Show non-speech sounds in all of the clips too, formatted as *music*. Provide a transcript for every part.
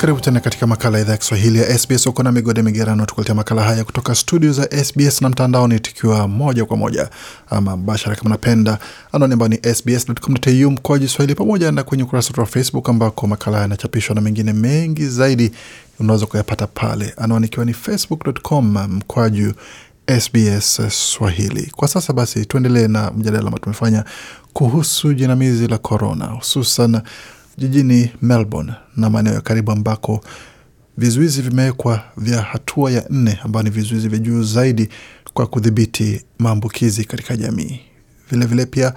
Karibu tena katika makala ya idhaa ya Kiswahili ya SBS. Uko na Migode Migerano tukuletea makala haya kutoka studio za SBS na mtandaoni, tukiwa moja kwa moja ama mbashara kama napenda, anwani ambayo ni sbs.com.au mkoaji swahili, pamoja na kwenye ukurasa wetu wa Facebook ambako makala haya yanachapishwa na mengine mengi zaidi unaweza kuyapata pale, anwani ikiwa ni facebook.com mkoaju SBS Swahili. Kwa sasa basi, tuendelee na mjadala ambao tumefanya kuhusu jinamizi la korona, hususan jijini Melbourne na maeneo ya karibu ambako vizuizi vimewekwa vya hatua ya nne ambayo ni vizuizi vya juu zaidi kwa kudhibiti maambukizi katika jamii. Vilevile vile pia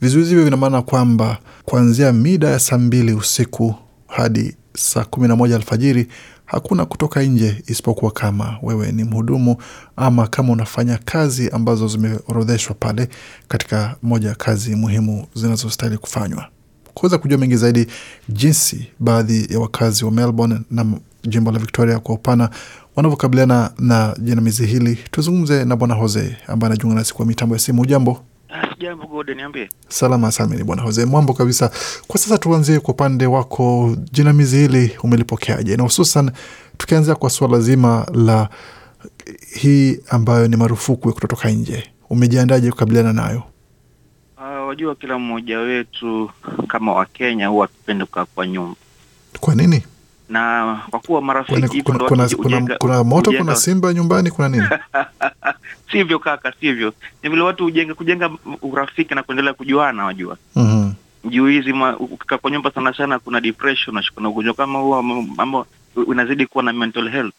vizuizi hivyo vina maana kwamba kuanzia mida ya saa mbili usiku hadi saa kumi na moja alfajiri hakuna kutoka nje isipokuwa kama wewe ni mhudumu ama kama unafanya kazi ambazo zimeorodheshwa pale katika moja ya kazi muhimu zinazostahili kufanywa kuweza kujua mengi zaidi jinsi baadhi ya wakazi wa Melbourne na jimbo la Victoria kwa upana wanavyokabiliana na jinamizi hili, tuzungumze na Bwana Jose ambaye anajiunga nasi kwa mitambo ya simu. Ujambo? Ah, jambo Gode, niambie. Salama salmini, Bwana Jose. mwambo kabisa. Kwa sasa tuanzie kwa upande wako, jinamizi hili umelipokeaje, na hususan tukianzia kwa suala zima la hii ambayo ni marufuku ya kutotoka nje, umejiandaje kukabiliana nayo? wajua, kila mmoja wetu kama Wakenya huwa tupende kukaa kwa nyumba. Kwa nini? na kwa kuwa marafiki kuna, kuna, kuna, kuna kuna moto ujenga. Kuna simba nyumbani, kuna nini? *laughs* Sivyo kaka, sivyo. Ni vile watu ujenga, kujenga urafiki na kuendelea kujuana, wajua mm-hmm. Juu hizi ukikaa kwa nyumba sana sana kuna depression na kuna ugonjwa kama huo mambo unazidi kuwa na mental health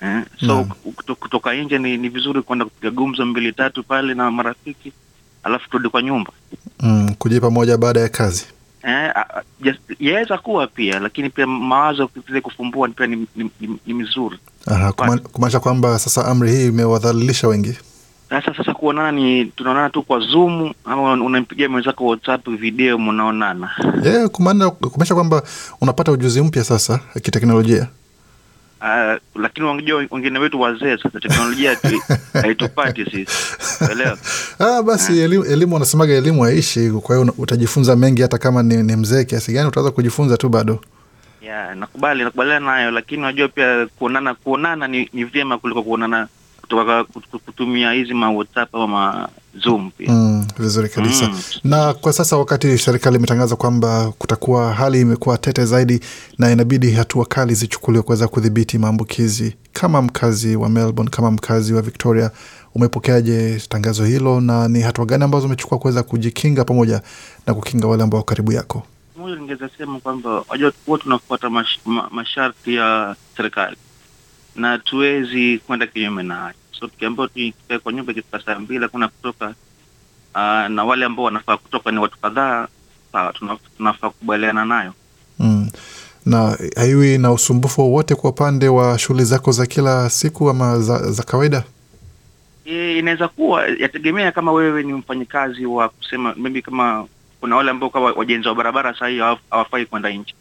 eh? So mm. kutoka nje ni, ni vizuri kwenda kupiga gumzo mbili tatu pale na marafiki alafu turudi kwa nyumba mm, kujipa moja baada ya kazi eh, yaweza kuwa pia lakini pia mawazo vile kufumbua pia ni, ni, ni, ni mizuri kumaanisha kwamba sasa amri hii imewadhalilisha wengi sasa sasa kuonana ni tunaonana tu kwa zoom ama unampigia mwenzako whatsapp video mnaonana yeah, kumaanisha kwamba unapata ujuzi mpya sasa kiteknolojia Uh, lakini wangejua wengine wetu wazee sasa, teknolojia *laughs* haitupati sisi, elewa. Ah, basi eh. elimu, elimu wanasemaga elimu haishi. Kwa hiyo utajifunza mengi hata kama ni, ni mzee kiasi gani, utaweza kujifunza tu bado. Yeah, nakubali, nakubaliana nayo, lakini unajua pia kuonana, kuonana ni, ni vyema kuliko kuonana kutoka kutumia hizi ma WhatsApp ama ma Zoom pia. Mm, vizuri kabisa mm. Na kwa sasa wakati serikali imetangaza kwamba kutakuwa hali imekuwa tete zaidi na inabidi hatua kali zichukuliwe kuweza kudhibiti maambukizi, kama mkazi wa Melbourne, kama mkazi wa Victoria, umepokeaje tangazo hilo na ni hatua gani ambazo umechukua kuweza kujikinga pamoja na kukinga wale ambao karibu yako? Moja, ningeweza sema kwamba wajua, huwa tunafuata masharti ya serikali na tuwezi kwenda kinyume na hayo. So tukiambiwa tukae kwa nyumba ikifika saa mbili hakuna kutoka uh, na wale ambao wanafaa kutoka ni watu kadhaa, sawa, tunafaa kubaliana nayo mm. na haiwi na usumbufu wowote kwa upande wa shughuli zako za kila siku ama za, za kawaida? E, inaweza kuwa yategemea kama wewe ni mfanyikazi wa kusema maybe kama kuna wale ambao kama wajenzi wa barabara saa hii hawafai kwenda nje,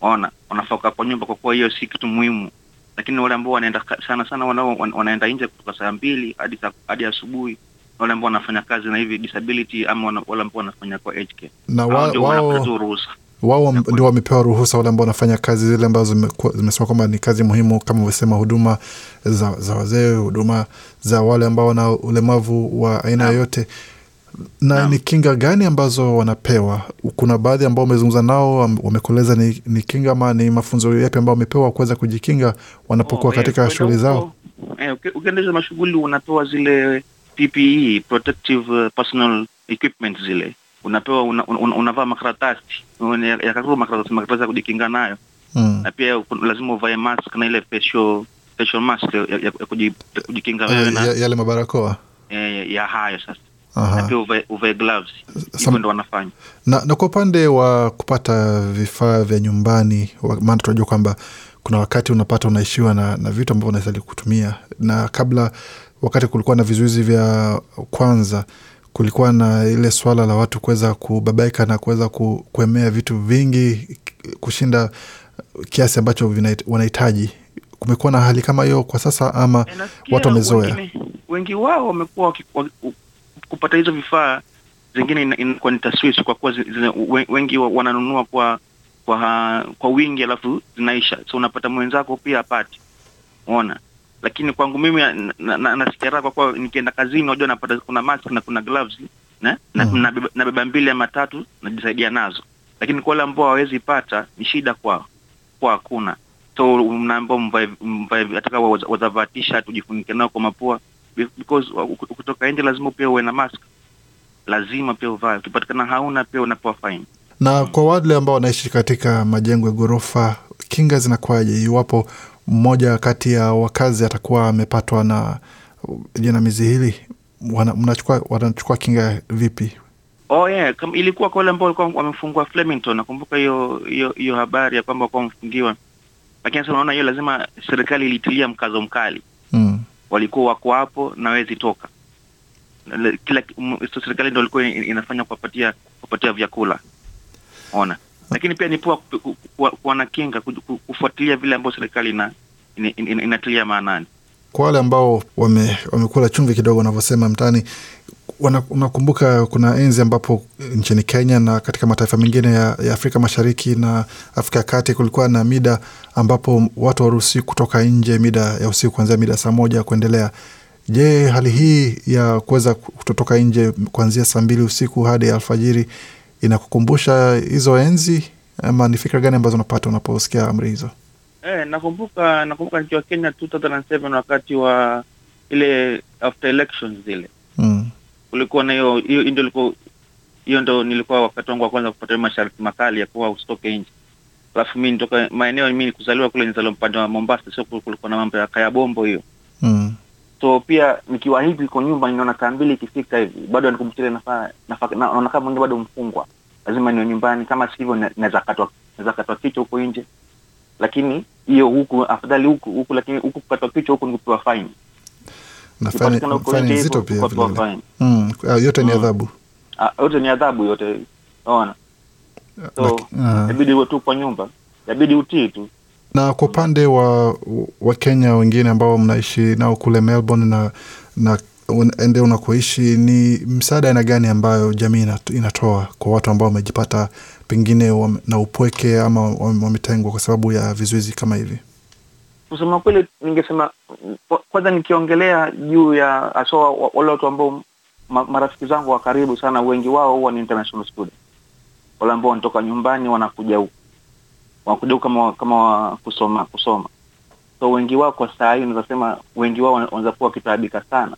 waona wanafaa kukaa kwa nyumba, kwa kuwa hiyo si kitu muhimu lakini wale ambao wanaenda sana sana wanao wanaenda nje kutoka saa mbili hadi hadi asubuhi wale ambao wanafanya kazi na hivi disability ama wale ambao wanafanya kwa HK. na wao ruhusa wao ndio wamepewa ruhusa, wale ambao wanafanya kazi zile ambazo zimesema kwamba ni kazi muhimu, kama ulivyosema, huduma za, za wazee, huduma za wale ambao wana ulemavu wa aina yoyote yeah na Naam. ni kinga gani ambazo wanapewa? Kuna baadhi ambao wamezungumza nao wamekueleza ni, ni kinga ama ni mafunzo yapi ambao wamepewa kuweza kujikinga wanapokuwa oh, katika eh, shughuli zao? Eh, ukiendeleza mashughuli unapewa zile PPE, protective eh, personal equipment zile unapewa una, una, unavaa makaratasi yakakua makaratasi makaratasi ya kujikinga nayo mm. na pia lazima uvae mask na ile facial, mask ya, ya, ya kujikinga ah, wewe yale mabarakoa eh, ya hayo sasa na pia uvae uvae gloves. ndo wanafanya na, na kwa upande wa kupata vifaa vya nyumbani, maana tunajua kwamba kuna wakati unapata unaishiwa na, na vitu ambavyo unastahili kutumia, na kabla wakati kulikuwa na vizuizi vya kwanza kulikuwa na ile swala la watu kuweza kubabaika na kuweza kuemea vitu vingi kushinda kiasi ambacho wanahitaji. Kumekuwa na hali kama hiyo kwa sasa ama eh, watu wamezoea? Wengi wao wamekuwa kupata hizo vifaa zingine inakuwa ni taswisi kwa kuwa wengi wananunua kwa kwa kwa wingi alafu zinaisha, so unapata mwenzako pia apati ona Lakini kwangu mimi nasikia na, na, na raha kwa kuwa nikienda kazini, unajua napata kuna mask na kuna gloves na nabeba na, mm. na mbili ama tatu najisaidia nazo, lakini kwa wale ambao hawawezi pata ni shida kwa kwa hakuna so mnaambao mvae wazavatisha tujifunike nao kwa mapua because ukitoka nje lazima pia uwe na mask, lazima pia uvae. Ukipatikana hauna pia unapewa fine Na hmm. kwa wale ambao wanaishi katika majengo ya ghorofa, kinga zinakuwaje iwapo mmoja kati ya wakazi atakuwa amepatwa na uh, jinamizi hili? Wanachukua wanachukua kinga vipi? Oh, yeah. kama ilikuwa kwa wale ambao walikuwa wamefungua Flemington, nakumbuka hiyo hiyo hiyo habari ya kwamba walikuwa wamefungiwa, lakini sasa unaona hiyo lazima serikali ilitilia mkazo mkali walikuwa wako hapo na wezi toka kila serikali ndo ilikuwa inafanya kuwapatia kuwapatia vyakula ona, lakini pia ni poa kuwa na kinga, kufuatilia vile ambayo serikali ina, in, in, inatilia maanani kwa wale ambao wamekula wame chumvi kidogo, wanavyosema mtaani Unakumbuka kuna enzi ambapo eh, nchini Kenya na katika mataifa mengine ya, ya Afrika Mashariki na Afrika ya Kati kulikuwa na mida ambapo watu waruhusi kutoka nje mida ya usiku kuanzia mida saa moja kuendelea. Je, hali hii ya kuweza kutotoka nje kuanzia saa mbili usiku hadi alfajiri inakukumbusha hizo enzi ama ni fikra gani ambazo unapata unaposikia amri hizo? Eh, nakumbuka nakumbuka nikiwa Kenya 2007 wakati wa ile after elections zile mm kulikuwa na hiyo hiyo ndio ilikuwa hiyo ndo nilikuwa wakati wangu wa kwanza kupata masharti makali ya kuwa usitoke nje alafu mi nitoka maeneo mi kuzaliwa kule nizaliwa mpande wa mombasa sio kulikuwa na mambo ya bombo hiyo mm. so pia nikiwa hivi kwa nyumba ninaona saa mbili ikifika hivi bado nikumtile nafaa naona na, kama mwingine bado mfungwa lazima niwe nyumbani kama hivyo naweza katwa naweza katwa kichwa huko nje lakini hiyo huku afadhali huku huku lakini huku kukatwa kichwa huku nikupewa faini na faini nzito pia Mm, mm. Ah, yote ni adhabu. yote ni adhabu yote. naona So, ah. inabidi uwe tu kwa nyumba. Inabidi utii tu. Na kwa upande wa Wakenya wengine ambao mnaishi nao kule Melbourne na na ende unakoishi, ni msaada aina gani ambayo jamii inatoa kwa watu ambao wamejipata pengine na upweke ama wametengwa kwa sababu ya vizuizi kama hivi? kusema kweli ningesema kwanza nikiongelea juu ya asoa wale watu ambao marafiki zangu wa karibu sana wengi wao huwa ni international student wale ambao wanatoka nyumbani wanakuja huku wanakuja huku kama kama kusoma kusoma so wengi wao kwa saa hii unaweza wengi wao wanaweza kuwa wakitaabika sana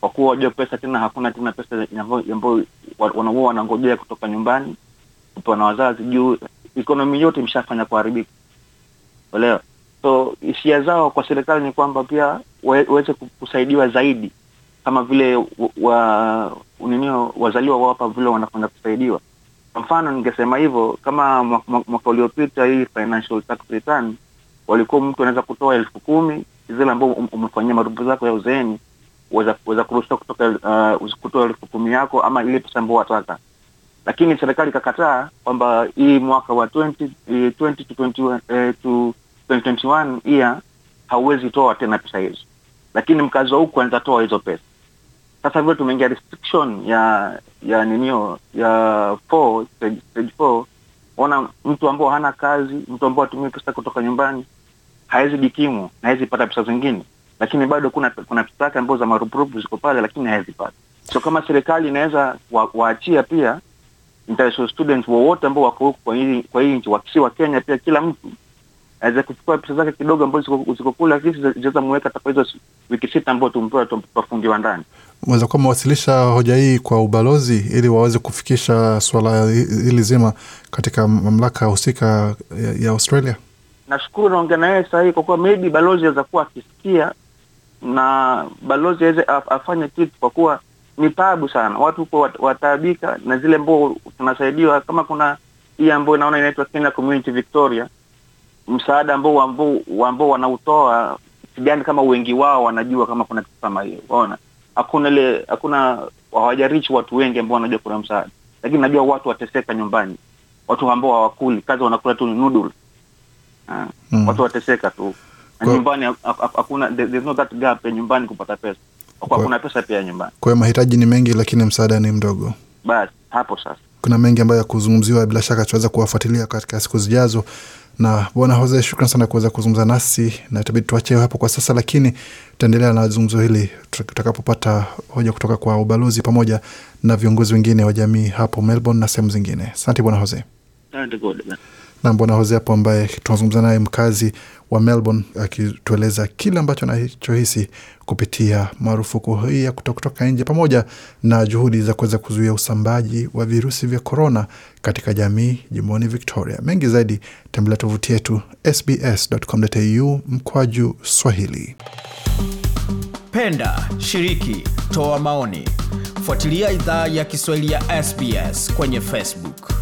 kwa kuwa wajua pesa tena hakuna tena pesa ambayo wanaua wanangojea kutoka nyumbani kupewa na wazazi juu ikonomi yote imeshafanya kuharibika elewa so hisia zao kwa serikali ni kwamba pia waweze kusaidiwa zaidi kama vile wa uninio wazaliwa wao hapa vile wanakwenda kusaidiwa kwa mfano ningesema hivyo kama mwaka uliopita hii financial tax return walikuwa mtu anaweza kutoa elfu kumi zile ambao um-, umefanyia marubu zako ya uzeeni uweza kuruhusiwa kutoka uh, kutoa elfu kumi yako ama ile pesa ambao wataka lakini serikali ikakataa kwamba hii mwaka wa 20, 20 eh, to 21, eh, to 2021 year hauwezi toa tena pesa hizo, lakini mkazi wa huku anaweza toa hizo pesa. Sasa vile tumeingia restriction ya ya ninio ya four, stage, stage four, ona mtu ambao hana kazi, mtu ambao atumie pesa kutoka nyumbani hawezi jikimu na hawezi pata pesa zingine, lakini bado kuna kuna pesa yake ambao za marupurupu ziko pale, lakini hawezi pata. So kama serikali inaweza wa, waachia pia international students wowote ambao wako huku kwa hii kwa hii nchi wakisiwa Kenya pia kila mtu aweza kuchukua pesa zake kidogo ambazo zikokula lakini zinaweza mweka mpaka hizo wiki sita ambao tumpewa tufungiwa ndani. Unaweza kuwa mewasilisha hoja hii kwa ubalozi ili waweze kufikisha swala hili zima katika mamlaka husika ya, ya Australia. Nashukuru naongea na yeye sahihi, kwa kuwa maybe balozi aweza kuwa akisikia na balozi aweze afanye kitu, kwa kuwa ni tabu sana, watu huko wataabika, na zile ambao tunasaidiwa kama kuna hii ambayo inaona inaitwa Kenya Community Victoria msaada ambao ambao wanautoa sijani kama wengi wao wanajua kama kuna kitu kama hiyo unaona hakuna ile hakuna hawajarichi watu wengi ambao wanajua kuna msaada lakini najua watu wateseka nyumbani watu ambao hawakuli kazi wanakula tu noodle uh, mm. watu wateseka tu kwa... nyumbani hakuna there's no that gap ya nyumbani kupata pesa kwa... kuna pesa pia nyumbani kwa hiyo mahitaji ni mengi lakini msaada ni mdogo basi hapo sasa kuna mengi ambayo ya kuzungumziwa bila shaka tunaweza kuwafuatilia katika siku zijazo na bwana hose shukran sana kuweza kuzungumza nasi, na itabidi tuache hapo kwa sasa, lakini tutaendelea na zungumzo hili tutakapopata hoja kutoka kwa ubalozi pamoja na viongozi wengine wa jamii hapo Melbourne na sehemu zingine. Asante bwana hose na Mbwana Hose hapo, ambaye tunazungumza naye mkazi wa Melbourne akitueleza kile ambacho anachohisi kupitia marufuku hii ya kuto kutoka nje pamoja na juhudi za kuweza kuzuia usambaji wa virusi vya korona katika jamii jimboni Victoria. Mengi zaidi tembelea tovuti yetu sbs.com.au mkwaju Swahili. Penda, shiriki, toa maoni, fuatilia idhaa ya Kiswahili ya SBS kwenye Facebook.